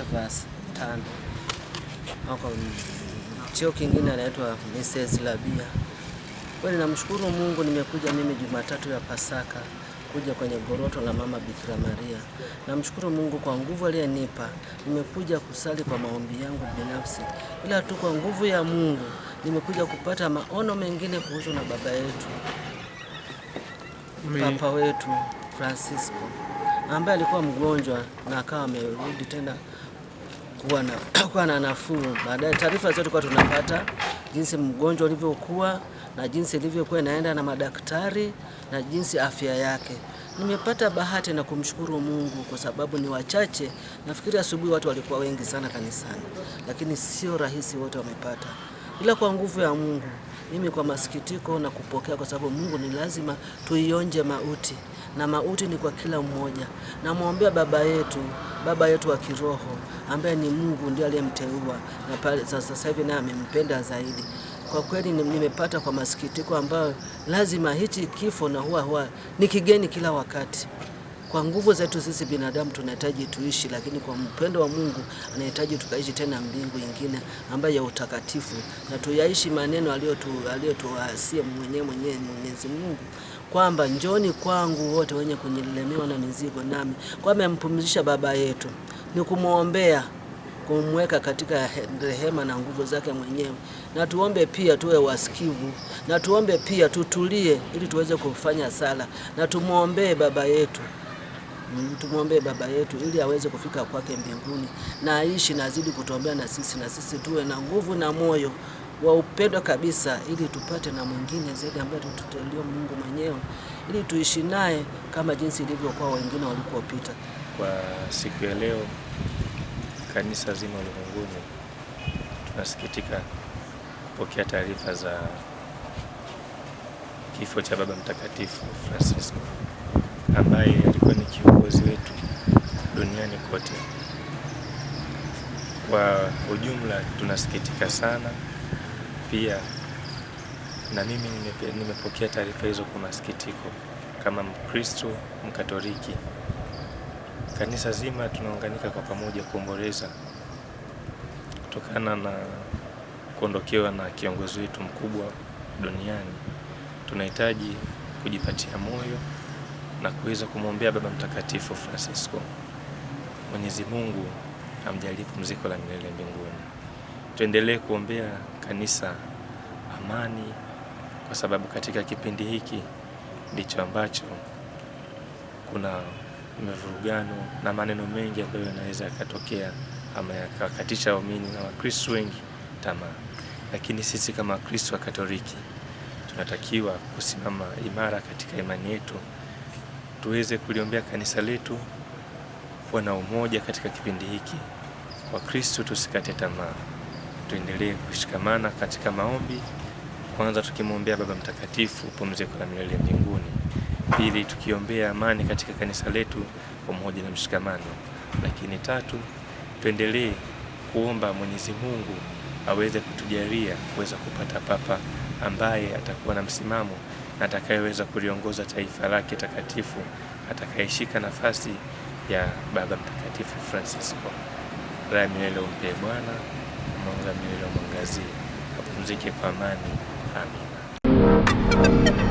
verse 5 hako cheo kingine anaitwa Mrs. Labia. Kweli namshukuru Mungu, nimekuja mimi Jumatatu ya Pasaka kuja kwenye goroto la Mama Bikira Maria. Namshukuru Mungu kwa nguvu aliyenipa, nimekuja kusali kwa maombi yangu binafsi, ila tu kwa nguvu ya Mungu nimekuja kupata maono mengine kuhusu na baba yetu Mi... papa wetu Francisco ambaye alikuwa mgonjwa na akawa amerudi tena kuwa na, kuwa na nafuu. Baadaye taarifa zote kwa tunapata jinsi mgonjwa ulivyokuwa na jinsi ilivyokuwa inaenda na madaktari na jinsi afya yake. Nimepata bahati na kumshukuru Mungu kwa sababu ni wachache. Nafikiri asubuhi watu walikuwa wengi sana kanisani, lakini sio rahisi wote wamepata ila kwa nguvu ya Mungu. Mimi kwa masikitiko na kupokea, kwa sababu Mungu ni lazima tuionje mauti, na mauti ni kwa kila mmoja. Namwombea baba yetu, baba yetu wa kiroho ambaye ni Mungu ndiye aliyemteua na pale sasa hivi naye amempenda zaidi. Kwa kweli nimepata kwa masikitiko ambayo lazima hichi kifo na huwa huwa ni kigeni kila wakati. Kwa nguvu zetu sisi binadamu tunahitaji tuishi, lakini kwa mpendo wa Mungu anahitaji tukaishi tena mbingu nyingine ambayo ya utakatifu, na tuyaishi maneno aliyotuasia mwenyewe mwenyewe Mwenyezi Mungu kwamba njoni kwangu wote wenye kunyelemewa na mizigo, nami kwa amempumzisha baba yetu, ni kumwombea kumweka katika rehema na nguvu zake mwenyewe. Na tuombe pia tuwe wasikivu, na tuombe pia tutulie, ili tuweze kufanya sala na tumwombee baba yetu tumwombee baba yetu ili aweze kufika kwake mbinguni na aishi na azidi kutuombea na sisi, na sisi tuwe na nguvu na moyo wa upendo kabisa, ili tupate na mwingine zaidi ambaye tutaliwa Mungu mwenyewe, ili tuishi naye kama jinsi ilivyokuwa wengine walikopita. Kwa siku ya leo, kanisa zima ulimwenguni tunasikitika kupokea taarifa za kifo cha Baba Mtakatifu Francisco ambaye alikuwa ni kiongozi wetu duniani kote. Kwa ujumla tunasikitika sana pia, na mimi nimepokea taarifa hizo kwa masikitiko kama Mkristo Mkatoliki. Kanisa zima tunaunganika kwa pamoja kuomboleza kutokana na kuondokewa na kiongozi wetu mkubwa duniani. Tunahitaji kujipatia moyo na kuweza kumwombea Baba Mtakatifu Francisco. Mwenyezi Mungu amjalie pumziko la milele mbinguni. Tuendelee kuombea kanisa amani, kwa sababu katika kipindi hiki ndicho ambacho kuna mivurugano na maneno mengi ambayo yanaweza yakatokea ama yakakatisha waumini na Wakristo wengi tamaa, lakini sisi kama Wakristo wa Katoliki tunatakiwa kusimama imara katika imani yetu tuweze kuliombea kanisa letu kuwa na umoja katika kipindi hiki. Kristo tusikate tamaa, tuendelee kushikamana katika maombi, kwanza tukimwombea Baba Mtakatifu pumziko la milele mbinguni, pili tukiombea amani katika kanisa letu pamoja na mshikamano, lakini tatu tuendelee kuomba Mwenyezi Mungu aweze kutujalia kuweza kupata papa ambaye atakuwa na msimamo na atakayeweza kuliongoza taifa lake takatifu, atakayeshika nafasi ya Baba Mtakatifu Francisco. Raha milele umpe Bwana, mwanga milele umwangazie, apumzike kwa amani. Amina.